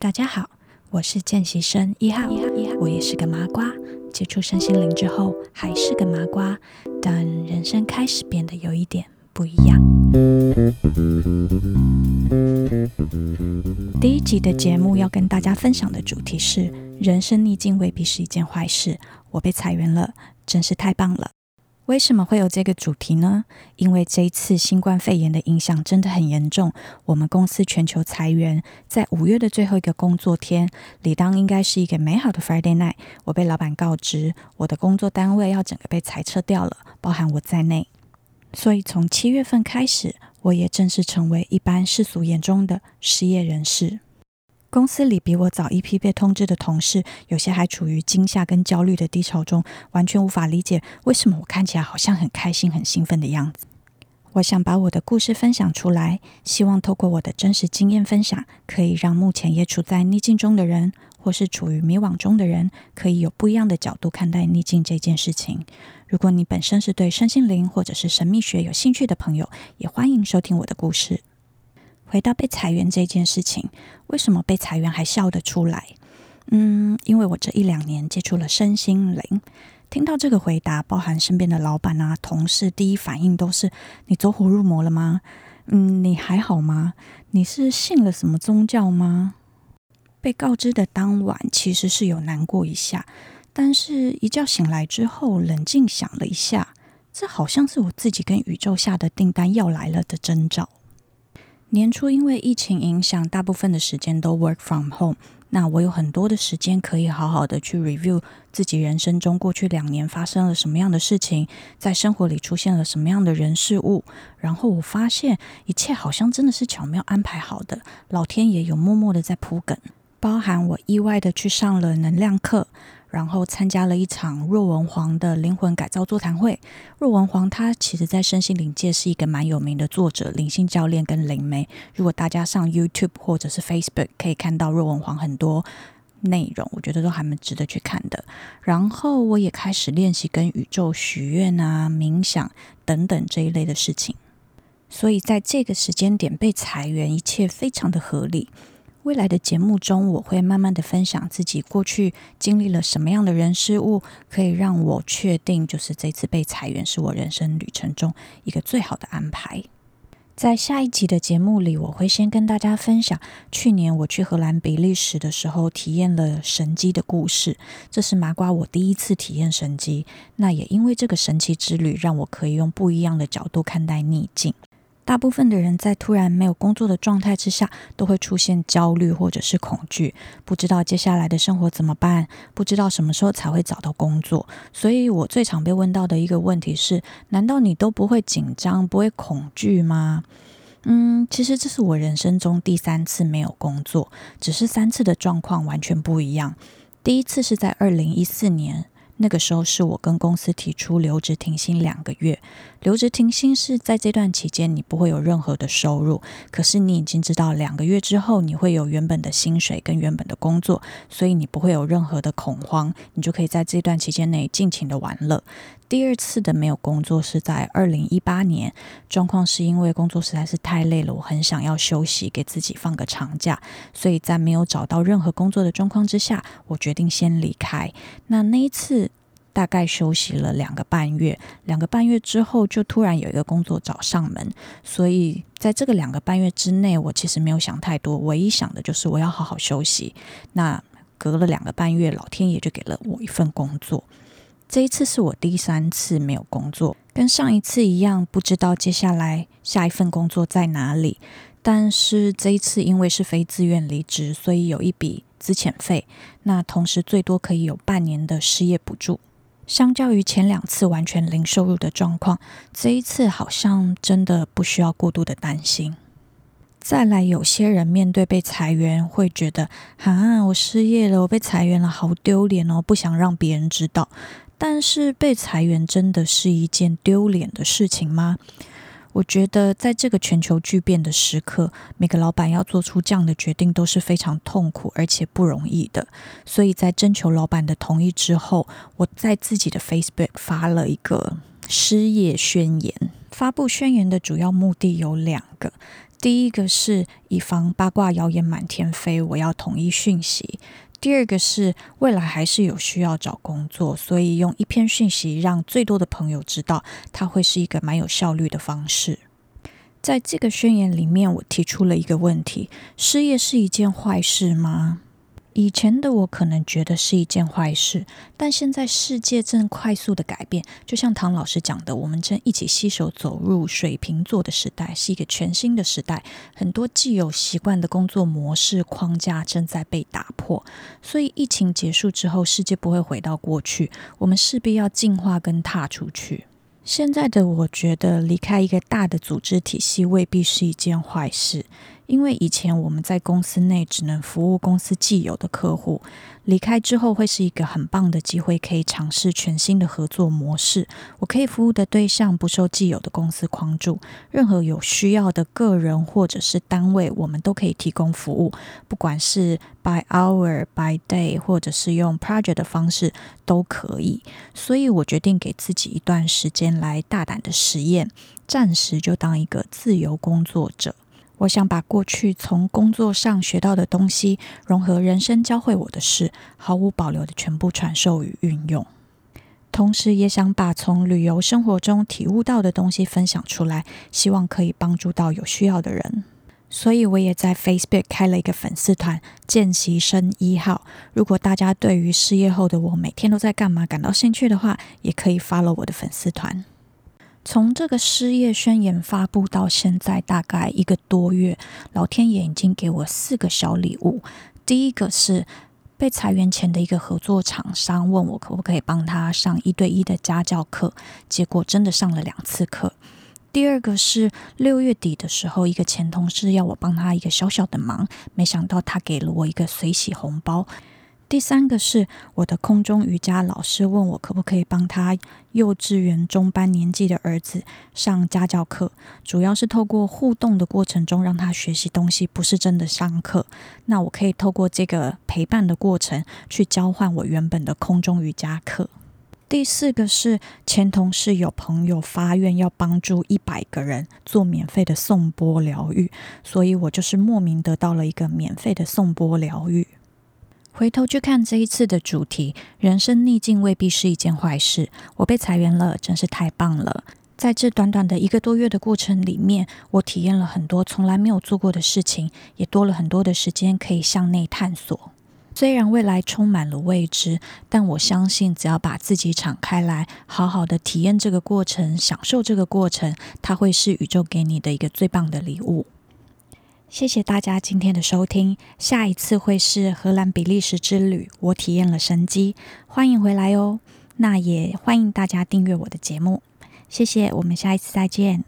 大家好，我是見習生一號，一號，一號。我也是個麻瓜，接觸身心靈之後還是個麻瓜，但人生開始變得有一點不一樣。第一集的節目要跟大家分享的主題是：人生逆境未必是一件壞事。我被裁員了，真是太棒了。為什麼會有這個主題呢？因為這一次新冠肺炎的影響真的很嚴重，我們公司全球裁員。在五月的最後一個工作天，理當應該是一個美好的 Friday night，我被老闆告知我的工作單位要整個被裁撤掉了，包含我在內。所以從七月份開始，我也正式成為一般世俗眼中的失業人士。公司裡比我早一批被通知的同事，有些還處於驚嚇跟焦慮的低潮中，完全無法理解為什麼我看起來好像很開心、很興奮的樣子。我想把我的故事分享出來，希望透過我的真實經驗分享，可以讓目前也處在逆境中的人，或是處於迷惘中的人，可以有不一樣的角度看待逆境這件事情。如果你本身是對身心靈或者是神秘學有興趣的朋友，也歡迎收聽我的故事。回到被裁員這件事情，為什麼被裁員還笑得出來？嗯，因為我這一兩年接觸了身心靈，聽到這個回答，包含身邊的老板啊、同事，第一反應都是：你走火入魔了嗎？嗯，你還好嗎？你是信了什麼宗教嗎？被告知的當晚，其實是有難過一下，但是一覺醒來之後，冷靜想了一下，這好像是我自己跟宇宙下的訂單要來了的徵兆。年初因為疫情影響，大部分的時間都 work from home。那我有很多的時間可以好好的去 review 自己人生中過去兩年發生了什麼樣的事情，在生活裡出現了什麼樣的人事物。然後我發現，一切好像真的是巧妙安排好的，老天爺有默默的在鋪梗。包含我意外的去上了能量課，然後參加了一場若文皇的靈魂改造座談會。若文皇他其實，在身心靈界是一個蠻有名的作者、靈性教練跟靈媒。如果大家上 YouTube 或者是 Facebook，可以看到若文皇很多內容，我覺得都還蠻值得去看的。然後我也開始練習跟宇宙許願啊、冥想等等這一類的事情。所以在這個時間點被裁員，一切非常的合理。未來的節目中，我會慢慢的分享自己過去經歷了什麼樣的人事物，可以讓我確定，就是這次被裁員是我人生旅程中一個最好的安排。在下一集的節目裡，我會先跟大家分享去年我去荷蘭比利時的時候，體驗了神蹟的故事。這是麻瓜我第一次體驗神蹟，那也因為這個神奇之旅，讓我可以用不一樣的角度看待逆境。大部分的人在突然沒有工作的狀態之下，都會出現焦慮或者是恐懼，不知道接下來的生活怎麼辦，不知道什麼時候才會找到工作。所以我最常被問到的一個問題是：難道你都不會緊張、不會恐懼嗎？嗯，其實這是我人生中第三次沒有工作，只是三次的狀況完全不一樣。第一次是在二零一四年。那個時候是我跟公司提出留職停薪兩個月。留職停薪是在這段期間，你不會有任何的收入，可是你已經知道兩個月之後你會有原本的薪水跟原本的工作，所以你不會有任何的恐慌，你就可以在這段期間內盡情的玩樂。第二次的沒有工作是在二零一八年，狀況是因為工作實在是太累了，我很想要休息，給自己放個長假，所以在沒有找到任何工作的狀況之下，我決定先離開。那那一次大概休息了兩個半月，兩個半月之後就突然有一個工作找上門，所以在這個兩個半月之內，我其實沒有想太多，唯一想的就是我要好好休息。那隔了兩個半月，老天爺就給了我一份工作。這一次是我第三次沒有工作，跟上一次一樣，不知道接下來下一份工作在哪裡。但是這一次因為是非自願離職，所以有一筆資遣費，那同時最多可以有半年的失業補助。相較於前兩次完全零收入的狀況，這一次好像真的不需要過度的擔心。再來，有些人面對被裁員會覺得，啊，我失業了，我被裁員了，好丟臉哦，不想讓別人知道。但是被裁員真的是一件丟臉的事情嗎？我覺得在這個全球巨變的時刻，每個老闆要做出這樣的決定都是非常痛苦而且不容易的。所以在徵求老闆的同意之後，我在自己的 Facebook 發了一個失業宣言。發布宣言的主要目的有兩個：第一個是以防八卦謠言滿天飛，我要統一訊息。第二個是未來還是有需要找工作，所以用一篇訊息讓最多的朋友知道，它會是一個蠻有效率的方式。在這個宣言裡面，我提出了一個問題：失業是一件壞事嗎？以前的我可能覺得是一件壞事，但現在世界正快速的改變，就像唐老師講的，我們正一起攜手走入水瓶座的時代，是一個全新的時代。很多既有習慣的工作模式框架正在被打破，所以疫情結束之後，世界不會回到過去，我們勢必要進化跟踏出去。現在的我覺得，離開一個大的組織體系未必是一件壞事。因為以前我們在公司內只能服務公司既有的客戶，離開之後會是一個很棒的機會，可以嘗試全新的合作模式。我可以服務的對象不受既有的公司框住，任何有需要的個人或者是單位，我們都可以提供服務，不管是 by hour、by day，或者是用 project 的方式都可以。所以我決定給自己一段時間來大膽的實驗，暫時就當一個自由工作者。我想把過去從工作上學到的東西，融合人生教會我的事，毫無保留的全部傳授與運用。同時，也想把從旅遊生活中體悟到的東西分享出來，希望可以幫助到有需要的人。所以，我也在 Facebook 開了一個粉絲團“見習生一號”。如果大家對於失業後的我每天都在幹嘛感到興趣的話，也可以 follow 我的粉絲團。從這個失業宣言發佈到現在大概一個多月，老天爺已經給我四個小禮物。第一個是被裁員前的一個合作廠商問我可不可以幫他上一對一的家教課，結果真的上了兩次課。第二個是六月底的時候，一個前同事要我幫他一個小小的忙，沒想到他給了我一個隨喜紅包。第三個是我的空中瑜伽老師問我可不可以幫他幼稚園中班年紀的兒子上家教課，主要是透過互動的過程中讓他學習東西，不是真的上課。那我可以透過這個陪伴的過程去交換我原本的空中瑜伽課。第四個是前同事有朋友發願要幫助一百個人做免費的頌缽療癒，所以我就是莫名得到了一個免費的頌缽療癒。回頭去看這一次的主題，人生逆境未必是一件壞事。我被裁員了，真是太棒了！在這短短的一個多月的過程裡面，我體驗了很多從來沒有做過的事情，也多了很多的時間可以向內探索。雖然未來充滿了未知，但我相信，只要把自己敞開來，好好的體驗這個過程，享受這個過程，它會是宇宙給你的一個最棒的禮物。謝謝大家今天的收聽，下一次會是荷蘭比利時之旅，我體驗了神機，歡迎回來哦，那也歡迎大家訂閱我的節目，謝謝，我們下一次再見。